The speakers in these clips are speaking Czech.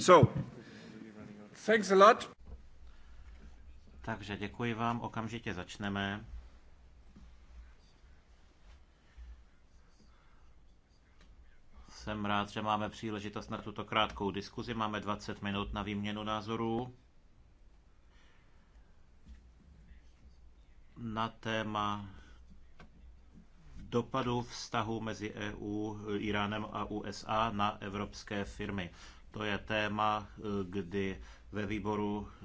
So, thanks a lot. Takže děkuji vám, okamžitě začneme. Jsem rád, že máme příležitost na tuto krátkou diskuzi. Máme 20 minut na výměnu názorů. Na téma dopadu vztahu mezi EU, Iránem a USA na evropské firmy. To je téma, eh, kdy ve výboru eh,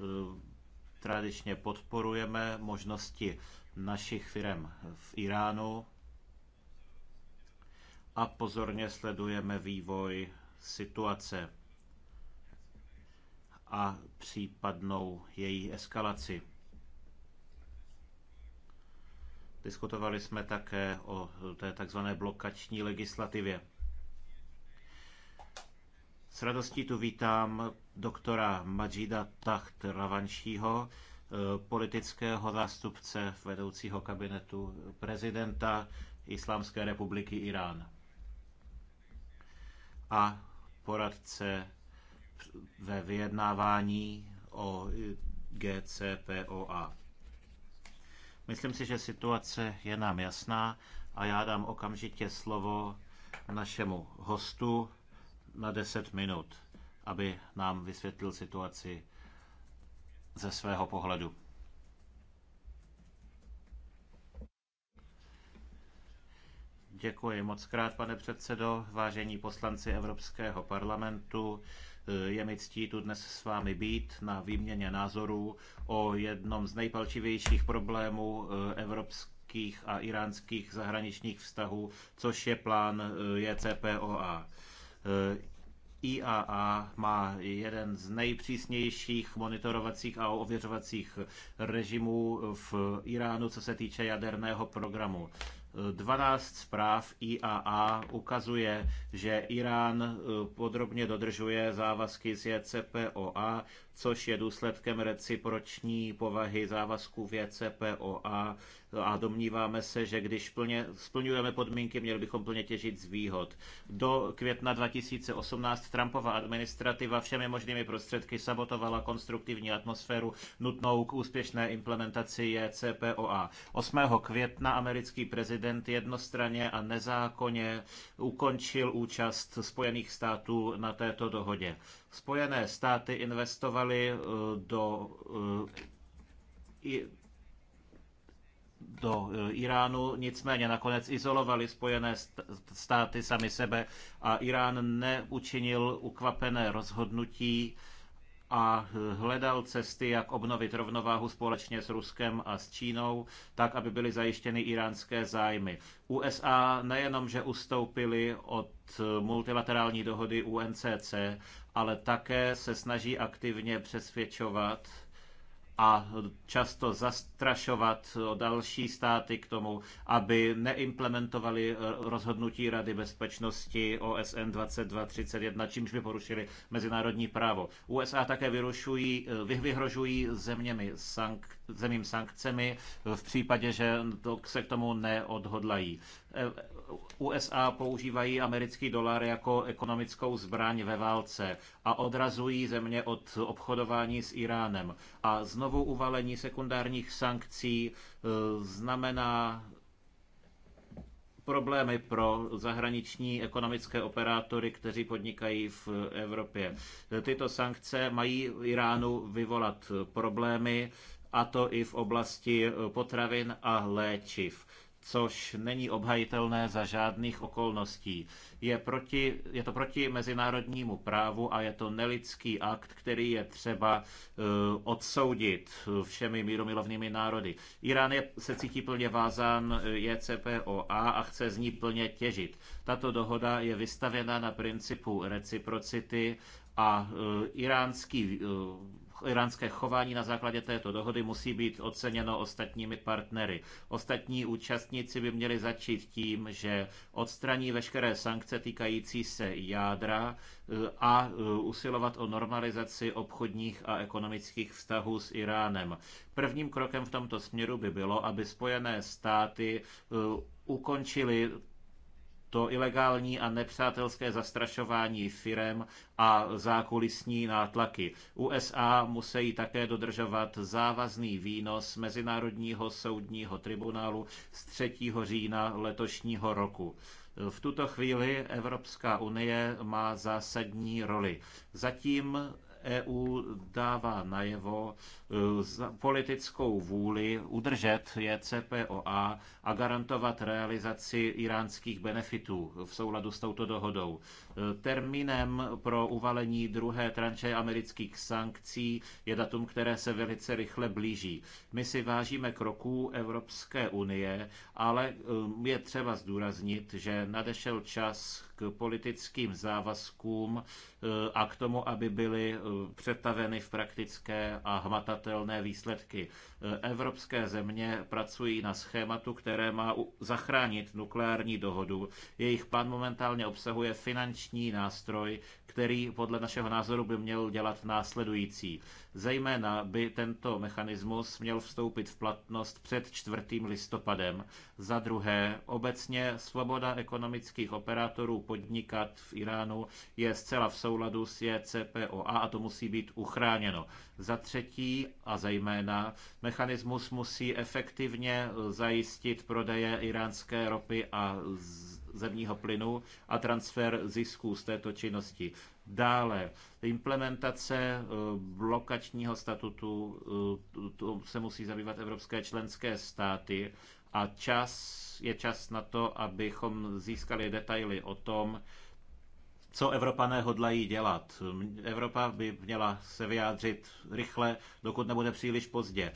tradičně podporujeme možnosti našich firm v Iránu a pozorně sledujeme vývoj situace a případnou její eskalaci. Diskutovali jsme také o té takzvané blokační legislativě. S radostí tu vítám doktora Majida Taht Ravanšího, eh, politického zástupce vedoucího kabinetu prezidenta Islámské republiky Irán a poradce ve vyjednávání o GCPOA. Myslím si, že situace je nám jasná a já dám okamžitě slovo našemu hostu, na 10 minut, aby nám vysvětlil situaci ze svého pohledu. Děkuji moc krát, pane předsedo, vážení poslanci Evropského parlamentu. Je mi ctí tu dnes s vámi být na výměně názorů o jednom z nejpalčivějších problémů eh, evropských a iránských zahraničních vztahů, což je plán eh, JCPOA. Eh, IAA má jeden z nejpřísnějších monitorovacích a ověřovacích režimů v Iránu, co se týče jaderného programu. 12 eh, zpráv IAA ukazuje, že Irán eh, podrobně dodržuje závazky z JCPOA, což je důsledkem reciproční povahy závazků v JCPOA e a domníváme se, že když plně splňujeme podmínky, měli bychom plně těžit z výhod. Do května 2018 Trumpova administrativa všemi možnými prostředky sabotovala konstruktivní atmosféru nutnou k úspěšné implementaci JCPOA. E 8. května americký prezident jednostranně a nezákonně ukončil účast Spojených států na této dohodě. Spojené státy investovaly eh, do, eh, do eh, Iránu, nicméně nakonec izolovali Spojené státy sami sebe a Irán neučinil ukvapené rozhodnutí a hledal cesty, jak obnovit rovnováhu společně s Ruskem a s Čínou, tak, aby byly zajištěny iránské zájmy. USA nejenom, že ustoupili od multilaterální dohody UNCC, ale také se snaží aktivně přesvědčovat a často zastrašovat další státy k tomu, aby neimplementovali eh, rozhodnutí Rady bezpečnosti OSN 2231, čímž by porušili mezinárodní právo. USA také vyrušují, eh, vyhrožují zeměmi sank, zemím sankcemi eh, v případě, že to se k tomu neodhodlají. USA používají americký dolar jako ekonomickou zbraň ve válce a odrazují země od obchodování s Iránem. A znovu uvalení sekundárních sankcí e, znamená problémy pro zahraniční ekonomické operátory, kteří podnikají v Evropě. Tyto sankce mají Iránu vyvolat problémy, a to i v oblasti potravin a léčiv což není obhajitelné za žádných okolností. Je, proti, je to proti mezinárodnímu právu a je to nelidský akt, který je třeba uh, odsoudit všemi míromilovnými národy. Irán je, se cítí plně vázán e, JCPOA a chce z ní plně těžit. Tato dohoda je vystavěna na principu reciprocity a uh, iránský uh, iránské chování na základě této dohody musí být oceněno ostatními partnery. Ostatní účastníci by měli začít tím, že odstraní veškeré sankce týkající se jádra eh, a eh, usilovat o normalizaci obchodních a ekonomických vztahů s Iránem. Prvním krokem v tomto směru by bylo, aby Spojené státy eh, ukončili to ilegální a nepřátelské zastrašování firem a zákulisní nátlaky. USA musí také dodržovat závazný výnos Mezinárodního soudního tribunálu z 3. října letošního roku. V tuto chvíli Evropská unie má zásadní roli. Zatím EU dává najevo e, politickou vůli udržet JCPOA a garantovat realizaci iránských benefitů v souladu s touto dohodou. Termínem pro uvalení druhé tranče amerických sankcí je datum, které se velice rychle blíží. My si vážíme kroků Evropské unie, ale um, je třeba zdůraznit, že nadešel čas k politickým závazkům uh, a k tomu, aby byly uh, přetaveny v praktické a hmatatelné výsledky. Uh, evropské země pracují na schématu, které má zachránit nukleární dohodu. Jejich plán momentálně obsahuje finanční finanční nástroj, který podle našeho názoru by měl dělat následující. Zejména by tento mechanismus měl vstoupit v platnost před 4. listopadem. Za druhé, obecně svoboda ekonomických operátorů podnikat v Iránu je zcela v souladu s JCPOA a to musí být uchráněno. Za třetí a zejména, mechanismus musí efektivně zajistit prodeje iránské ropy a z zemního plynu a transfer zisků z této činnosti. Dále, implementace eh, blokačního statutu eh, to se musí zabývat evropské členské státy a čas, je čas na to, abychom získali detaily o tom, co Evropané hodlají dělat. Evropa by měla se vyjádřit rychle, dokud nebude příliš pozdě.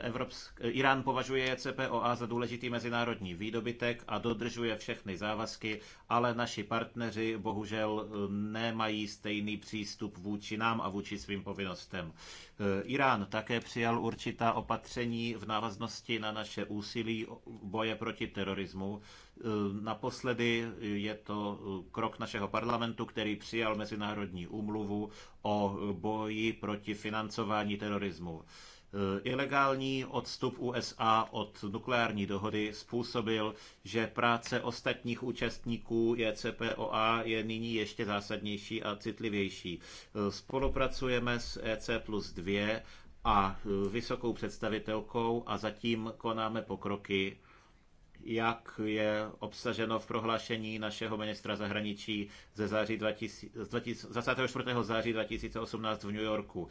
Evropsk... Irán považuje e CPOA za důležitý mezinárodní výdobytek a dodržuje všechny závazky, ale naši partneři bohužel eh, nemají stejný přístup vůči nám a vůči svým povinnostem. Eh, Irán také přijal určitá opatření v návaznosti na naše úsilí boje proti terorismu, Eh, naposledy je to eh, krok našeho parlamentu, který přijal Mezinárodní úmluvu o eh, boji proti financování terorismu. Ilegální odstup USA od nukleární dohody způsobil, že práce ostatních účastníků ECPOA je nyní ještě zásadnější a citlivější. Spolupracujeme s EC plus 2 a vysokou představitelkou a zatím konáme pokroky jak je obsaženo v prohlášení našeho ministra zahraničí ze září 2000, 24. září 2018 v New Yorku.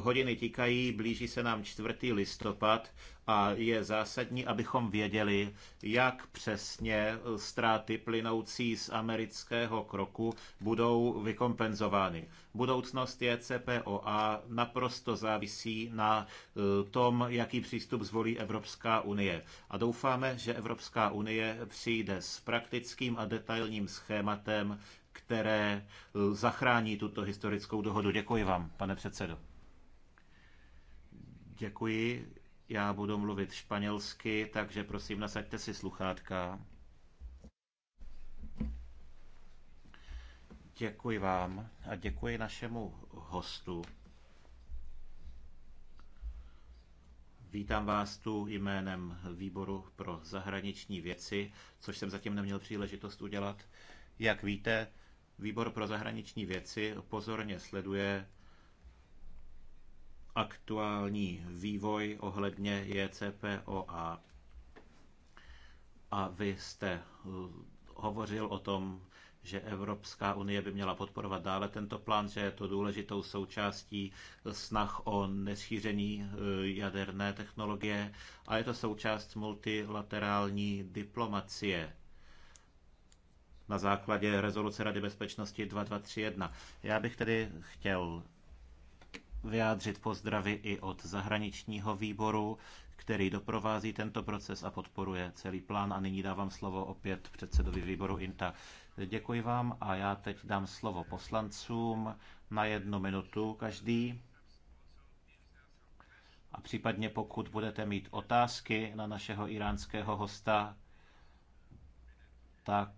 Hodiny tikají, blíží se nám 4. listopad a je zásadní, abychom věděli, jak přesně ztráty plynoucí z amerického kroku budou vykompenzovány. Budoucnost JCPOA naprosto závisí na eh, tom, jaký přístup zvolí Evropská unie. A doufáme, že Evropská unie přijde s praktickým a detailním schématem, které eh, zachrání tuto historickou dohodu. Děkuji vám, pane předsedo. Děkuji. Já budu mluvit španělsky, takže prosím, nasaďte si sluchátka. Děkuji vám a děkuji našemu hostu. Vítám vás tu jménem Výboru pro zahraniční věci, což jsem zatím neměl příležitost udělat. Jak víte, Výbor pro zahraniční věci pozorně sleduje aktuální vývoj ohledně JCPOA. A vy jste eh, hovořil o tom, že Evropská unie by měla podporovat dále tento plán, že je to důležitou součástí snah o nešíření eh, jaderné technologie a je to součást multilaterální diplomacie na základě rezoluce Rady bezpečnosti 2231. Já bych tedy chtěl vyjádřit pozdravy i od zahraničního výboru, který doprovází tento proces a podporuje celý plán. A nyní dávám slovo opět předsedovi výboru INTA. Děkuji vám a já teď dám slovo poslancům na jednu minutu každý. A případně pokud budete mít otázky na našeho iránského hosta, tak,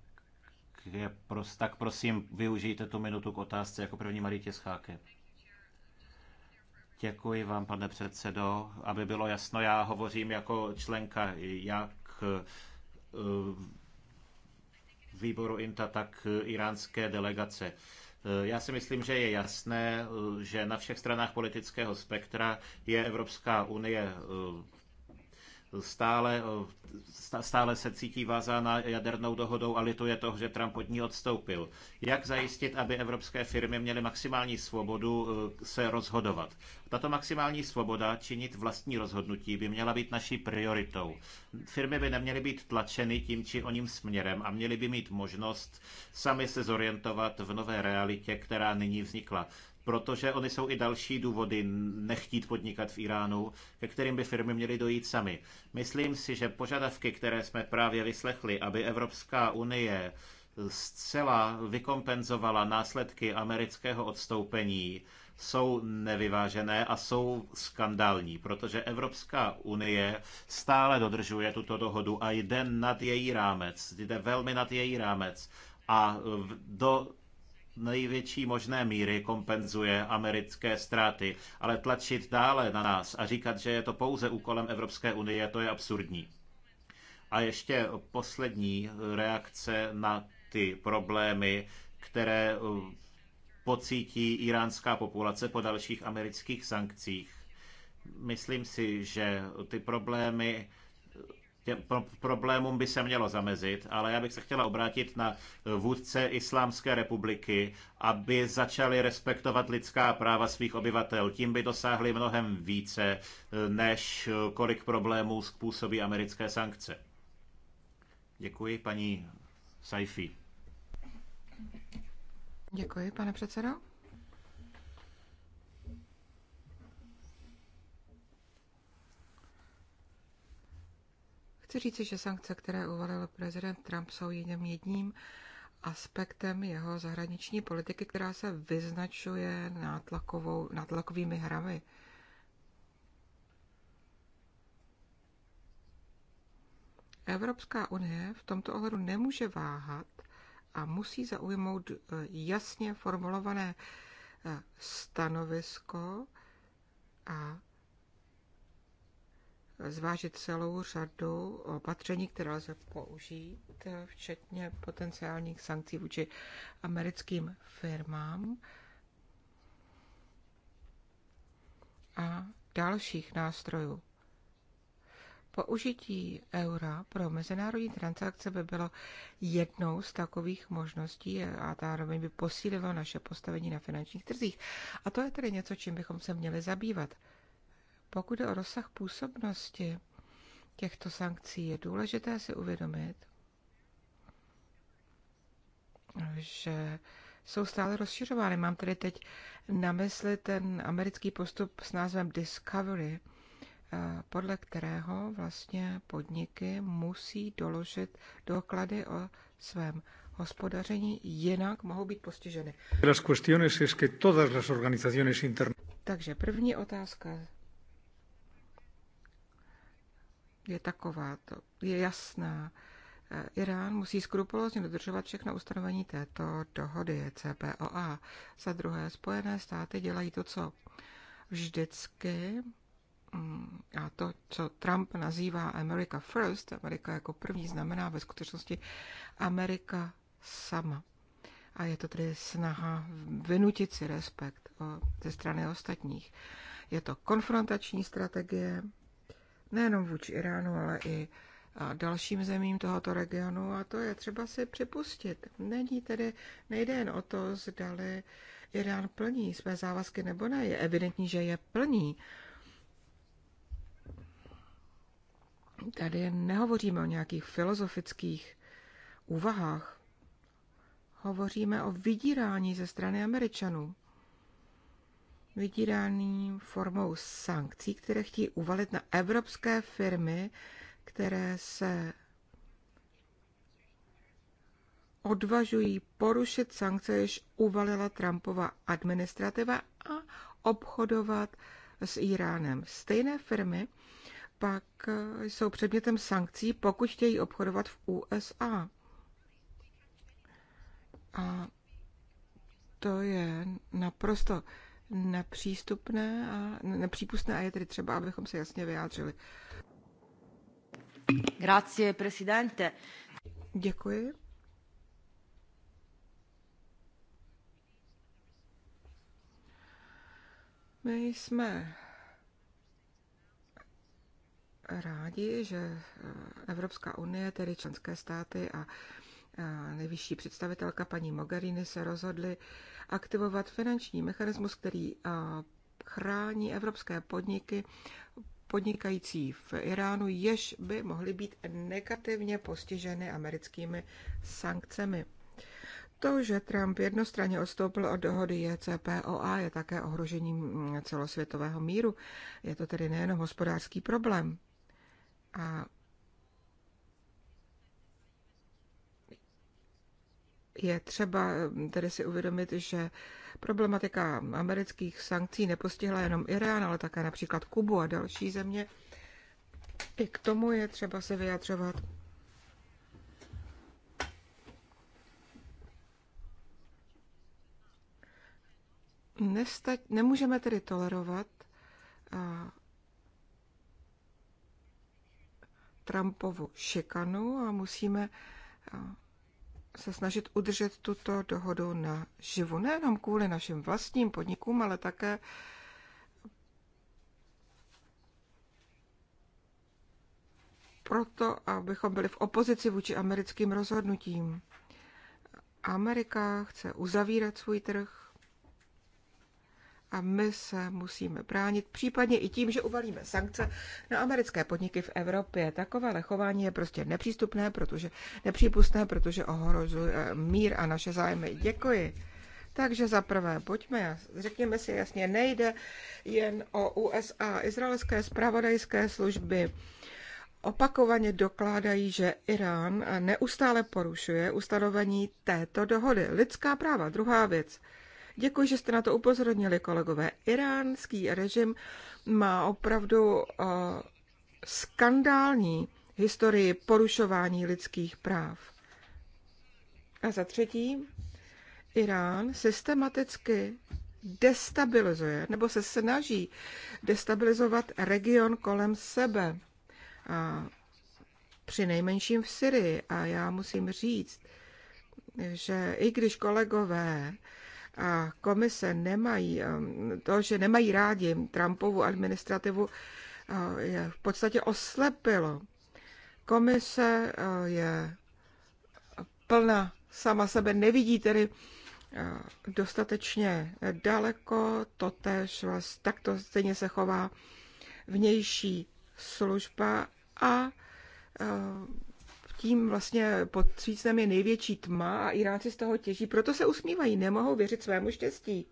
je pros, tak prosím využijte tu minutu k otázce jako první Marie Scháke. Děkuji vám, pane předsedo. Aby bylo jasno, já hovořím jako členka jak eh, výboru INTA, tak iránské delegace. Eh, já si myslím, že je jasné, eh, že na všech stranách politického spektra je Evropská unie stále, stále se cítí vázána jadernou dohodou a lituje toho, že Trump od ní odstoupil. Jak zajistit, aby evropské firmy měly maximální svobodu e, se rozhodovat? Tato maximální svoboda činit vlastní rozhodnutí by měla být naší prioritou. Firmy by neměly být tlačeny tím či oním směrem a měly by mít možnost sami se zorientovat v nové realitě, která nyní vznikla protože oni jsou i další důvody nechtít podnikat v Iránu, ke kterým by firmy měly dojít sami. Myslím si, že požadavky, které jsme právě vyslechli, aby Evropská unie zcela vykompenzovala následky amerického odstoupení, jsou nevyvážené a jsou skandální, protože Evropská unie stále dodržuje tuto dohodu a jde nad její rámec, jde velmi nad její rámec. A do největší možné míry kompenzuje americké ztráty, ale tlačit dále na nás a říkat, že je to pouze úkolem Evropské unie, to je absurdní. A ještě poslední reakce na ty problémy, které eh, pocítí iránská populace po dalších amerických sankcích. Myslím si, že ty problémy těm problémům by se mělo zamezit, ale já bych se chtěla obrátit na vůdce Islámské republiky, aby začali respektovat lidská práva svých obyvatel. Tím by dosáhli mnohem více, než kolik problémů způsobí americké sankce. Děkuji, paní Saifi. Děkuji, pane předsedo. Chci říci, že sankce, které uvalil prezident Trump, jsou jenom jedním aspektem jeho zahraniční politiky, která se vyznačuje nátlakovou, nátlakovými hrami. Evropská unie v tomto ohledu nemůže váhat a musí zaujmout eh, jasně formulované eh, stanovisko a zvážit celou řadu opatření, které lze použít, včetně potenciálních sankcí vůči americkým firmám a dalších nástrojů. Použití eura pro mezinárodní transakce by bylo jednou z takových možností a zároveň by posílilo naše postavení na finančních trzích. A to je tedy něco, čím bychom se měli zabývat. Pokud je o rozsah působnosti těchto sankcí, je důležité si uvědomit, že jsou stále rozšiřovány. Mám tady teď na mysli ten americký postup s názvem Discovery, eh, podle kterého vlastně podniky musí doložit doklady o svém hospodaření, jinak mohou být postiženy. Takže první otázka je taková, to Je jasná. Eh, Irán musí skrupulózně dodržovat všechna ustanovení této dohody CPOA. Za druhé, Spojené státy dělají to, co vždycky, mm, a to, co Trump nazývá America First, Amerika jako první, znamená ve skutečnosti Amerika sama. A je to tedy snaha vynutit si respekt ze strany ostatních. Je to konfrontační strategie, nejenom vůči Iránu, ale i dalším zemím tohoto regionu a to je třeba si připustit. Není tedy, nejde jen o to, zdali Irán plní své závazky nebo ne. Je evidentní, že je plní. Tady nehovoříme o nějakých filozofických úvahách. Hovoříme o vydírání ze strany Američanů vydíraný formou sankcí, které chtějí uvalit na evropské firmy, které se odvažují porušit sankce, jež uvalila Trumpova administrativa a obchodovat s Iránem. Stejné firmy pak jsou předmětem sankcí, pokud chtějí obchodovat v USA. A to je naprosto nepřístupné a nepřípustné a je tedy třeba, abychom se jasně vyjádřili. Grazie, presidente. Děkuji. My jsme rádi, že Evropská unie, tedy členské státy a nejvyšší představitelka paní Mogherini se rozhodly aktivovat finanční mechanismus, který chrání evropské podniky podnikající v Iránu, jež by mohly být negativně postiženy americkými sankcemi. To, že Trump jednostranně odstoupil od dohody JCPOA, je také ohrožením celosvětového míru. Je to tedy nejenom hospodářský problém. A je třeba eh, tedy si uvědomit, že problematika amerických sankcí nepostihla jenom Irán, ale také například Kubu a další země. I k tomu je třeba se vyjadřovat. Nestať, nemůžeme tedy tolerovat a, eh, Trumpovu šikanu a musíme a, eh, se snažit udržet tuto dohodu na živu. Nejenom kvůli našim vlastním podnikům, ale také proto, abychom byli v opozici vůči americkým rozhodnutím. Amerika chce uzavírat svůj trh, a my se musíme bránit, případně i tím, že uvalíme sankce na americké podniky v Evropě. Takové lechování je prostě nepřístupné, protože nepřípustné, protože ohrožuje eh, mír a naše zájmy. Děkuji. Takže za prvé, pojďme, řekněme si jasně, nejde jen o USA, izraelské zpravodajské služby opakovaně dokládají, že Irán neustále porušuje ustanovení této dohody. Lidská práva, druhá věc. Děkuji, že jste na to upozornili, kolegové. Iránský režim má opravdu eh, skandální historii porušování lidských práv. A za třetí, Irán systematicky destabilizuje nebo se snaží destabilizovat region kolem sebe. A při nejmenším v Syrii. A já musím říct, že i když kolegové a komise nemají, um, to, že nemají rádi Trumpovu administrativu, uh, je v podstatě oslepilo. Komise uh, je plná sama sebe, nevidí tedy uh, dostatečně daleko, tež vás takto stejně se chová vnější služba a tím vlastně pod svícnem je největší tma a Iráci z toho těží. Proto se usmívají, nemohou věřit svému štěstí.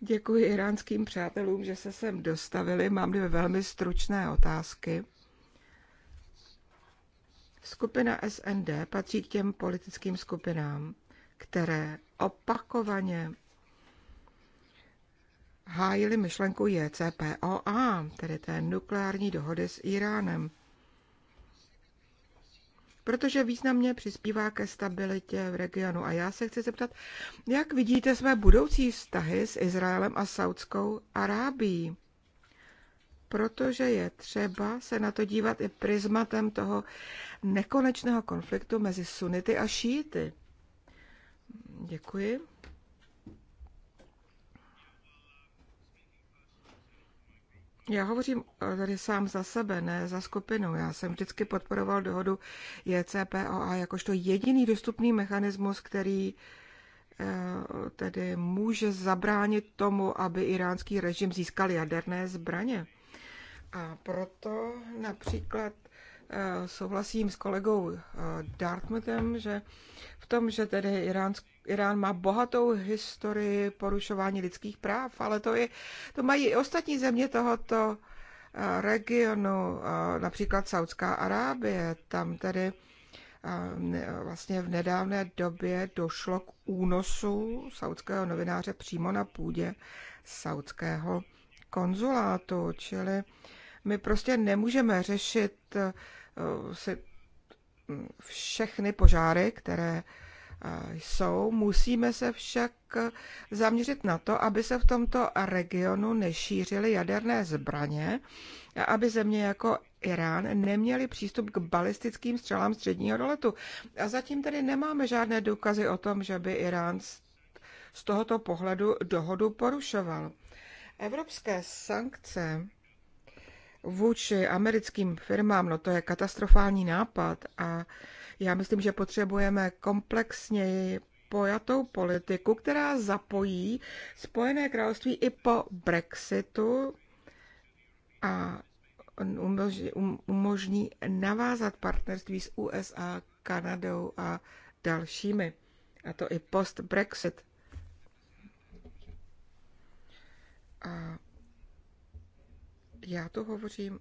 Děkuji iránským přátelům, že se sem dostavili. Mám dvě velmi stručné otázky. Skupina SND patří k těm politickým skupinám, které opakovaně hájili myšlenku JCPOA, tedy té nukleární dohody s Iránem protože významně přispívá ke stabilitě v regionu. A já se chci zeptat, jak vidíte své budoucí vztahy s Izraelem a Saudskou Arábií? Protože je třeba se na to dívat i prismatem toho nekonečného konfliktu mezi sunity a šíity. Děkuji. Já hovořím eh, tady sám za sebe, ne za skupinu. Já jsem vždycky podporoval dohodu JCPOA jakožto jediný dostupný mechanismus, který eh, tedy může zabránit tomu, aby iránský režim získal jaderné zbraně. A proto například Eh, souhlasím s kolegou eh, Dartmouthem, že v tom, že tedy Irán, Irán má bohatou historii porušování lidských práv, ale to, je, to mají i ostatní země tohoto eh, regionu, například Saudská Arábie, tam tedy vlastně v nedávné době došlo k únosu saudského novináře přímo na půdě saudského konzulátu, čili my prostě nemůžeme řešit eh, si hm, všechny požáry, které eh, jsou. Musíme se však zaměřit na to, aby se v tomto regionu nešířily jaderné zbraně a aby země jako Irán neměli přístup k balistickým střelám středního doletu. A zatím tedy nemáme žádné důkazy o tom, že by Irán z tohoto pohledu dohodu porušoval. Evropské sankce vůči americkým firmám, no to je katastrofální nápad a já myslím, že potřebujeme komplexněji pojatou politiku, která zapojí Spojené království i po Brexitu a umožní um, navázat partnerství s USA, Kanadou a dalšími. A to i post-Brexit. A já tu hovořím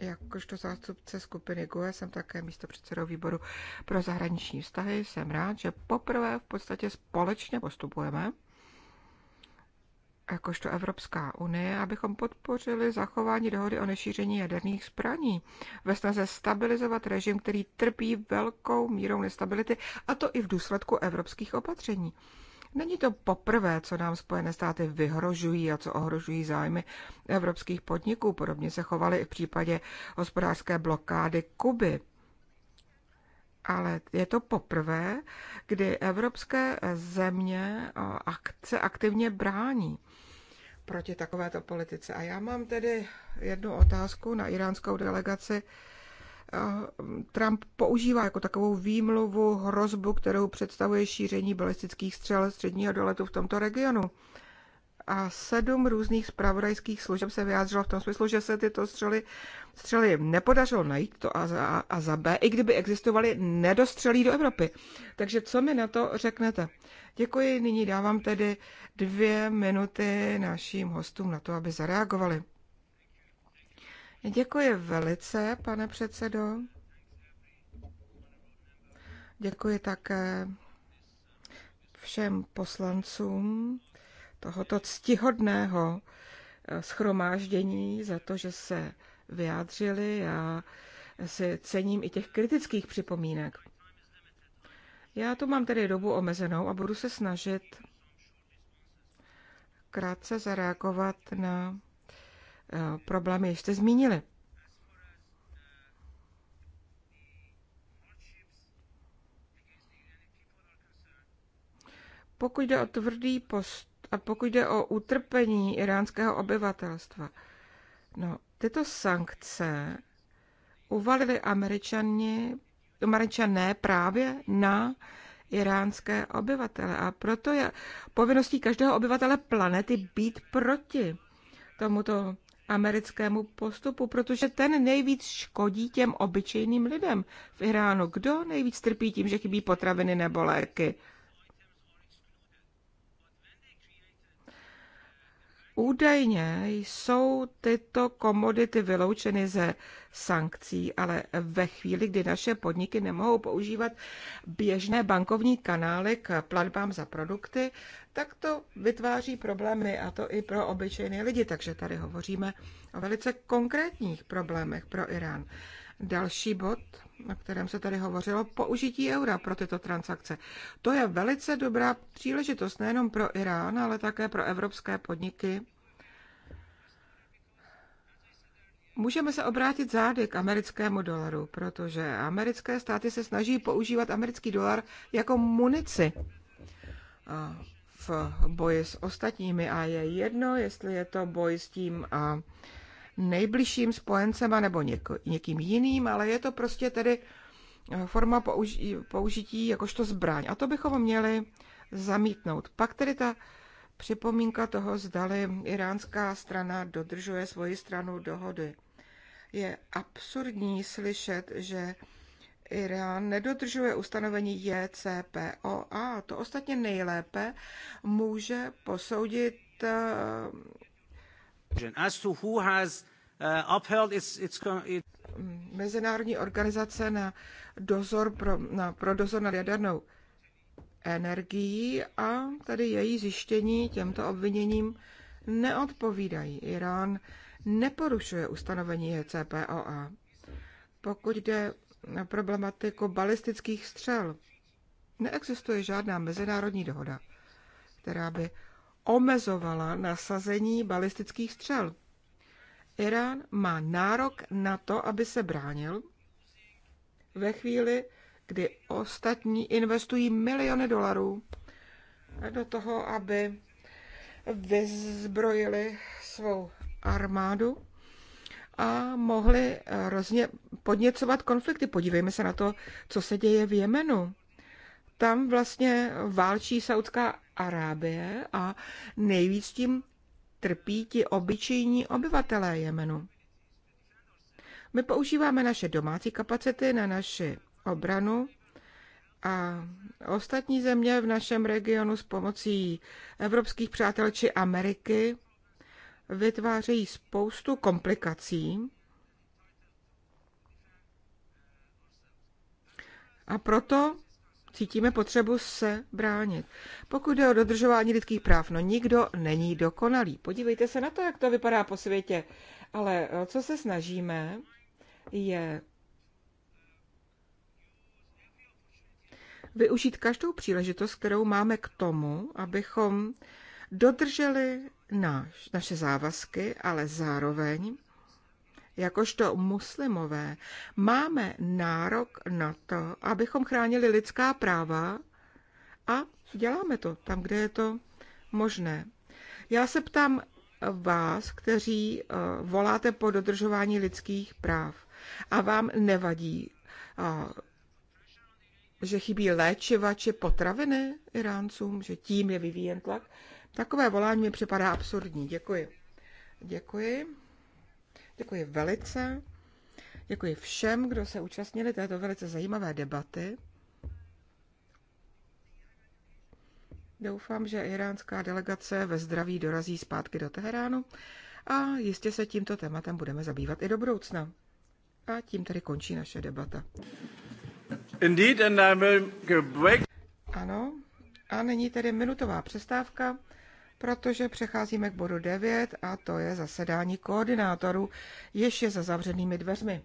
jakožto zástupce skupiny GUE, jsem také místo předsedou výboru pro zahraniční vztahy. Jsem rád, že poprvé v podstatě společně postupujeme jakožto Evropská unie, abychom podpořili zachování dohody o nešíření jaderných zbraní ve snaze stabilizovat režim, který trpí velkou mírou nestability, a to i v důsledku evropských opatření. Není to poprvé, co nám Spojené státy vyhrožují a co ohrožují zájmy evropských podniků. Podobně se chovali i v případě hospodářské blokády Kuby. Ale je to poprvé, kdy evropské země akce aktivně brání proti takovéto politice. A já mám tedy jednu otázku na iránskou delegaci. Eh, Trump používá jako takovou výmluvu hrozbu, kterou představuje šíření balistických střel středního doletu v tomto regionu. A sedm různých zpravodajských služeb se vyjádřilo v tom smyslu, že se tyto střely, střely nepodařilo najít to a za, a za B, i kdyby existovaly, nedostřelí do Evropy. Takže co mi na to řeknete? Děkuji, nyní dávám tedy dvě minuty našim hostům na to, aby zareagovali. Děkuji velice, pane předsedo. Děkuji také všem poslancům tohoto ctihodného eh, schromáždění za to, že se vyjádřili. Já si cením i těch kritických připomínek. Já tu mám tedy dobu omezenou a budu se snažit krátce zareagovat na Eh, problémy ještě zmínili. Pokud jde o tvrdý post a pokud jde o utrpení iránského obyvatelstva, no, tyto sankce uvalili američani, američané právě na iránské obyvatele. A proto je povinností každého obyvatele planety být proti tomuto americkému postupu, protože ten nejvíc škodí těm obyčejným lidem v Iránu. Kdo nejvíc trpí tím, že chybí potraviny nebo léky? Údajně jsou tyto komodity vyloučeny ze sankcí, ale ve chvíli, kdy naše podniky nemohou používat běžné bankovní kanály k platbám za produkty, tak to vytváří problémy a to i pro obyčejné lidi. Takže tady hovoříme o velice konkrétních problémech pro Irán. Další bod o kterém se tady hovořilo, použití eura pro tyto transakce. To je velice dobrá příležitost nejenom pro Irán, ale také pro evropské podniky. Můžeme se obrátit zády k americkému dolaru, protože americké státy se snaží používat americký dolar jako munici v boji s ostatními a je jedno, jestli je to boj s tím a nejbližším spojencem nebo něk- někým jiným, ale je to prostě tedy eh, forma použi- použití jakožto zbraň. A to bychom měli zamítnout. Pak tedy ta připomínka toho, zdali iránská strana dodržuje svoji stranu dohody. Je absurdní slyšet, že Irán nedodržuje ustanovení JCPOA. To ostatně nejlépe může posoudit eh, Uh, mezinárodní organizace na dozor pro, na, pro dozor nad jadernou energií a tady její zjištění těmto obviněním neodpovídají. Irán neporušuje ustanovení JCPOA. Pokud jde na problematiku balistických střel, neexistuje žádná mezinárodní dohoda, která by omezovala nasazení balistických střel. Irán má nárok na to, aby se bránil ve chvíli, kdy ostatní investují miliony dolarů do toho, aby vyzbrojili svou armádu a mohli rozně podněcovat konflikty. Podívejme se na to, co se děje v Jemenu tam vlastně válčí Saudská Arábie a nejvíc tím trpí ti obyčejní obyvatelé Jemenu. My používáme naše domácí kapacity na naši obranu a ostatní země v našem regionu s pomocí evropských přátel či Ameriky vytvářejí spoustu komplikací. A proto cítíme potřebu se bránit. Pokud jde o dodržování lidských práv, no nikdo není dokonalý. Podívejte se na to, jak to vypadá po světě. Ale eh, co se snažíme, je využít každou příležitost, kterou máme k tomu, abychom dodrželi naš, naše závazky, ale zároveň jakožto muslimové, máme nárok na to, abychom chránili lidská práva a děláme to tam, kde je to možné. Já se ptám vás, kteří eh, voláte po dodržování lidských práv a vám nevadí, eh, že chybí léčiva či potraviny Iráncům, že tím je vyvíjen tlak. Takové volání mi připadá absurdní. Děkuji. Děkuji. Děkuji velice. Děkuji všem, kdo se účastnili této velice zajímavé debaty. Doufám, že iránská delegace ve zdraví dorazí zpátky do Teheránu a jistě se tímto tématem budeme zabývat i do budoucna. A tím tedy končí naše debata. Indeed, and I will break. Ano, a není tedy minutová přestávka protože přecházíme k bodu 9 a to je zasedání koordinátorů, jež je za zavřenými dveřmi.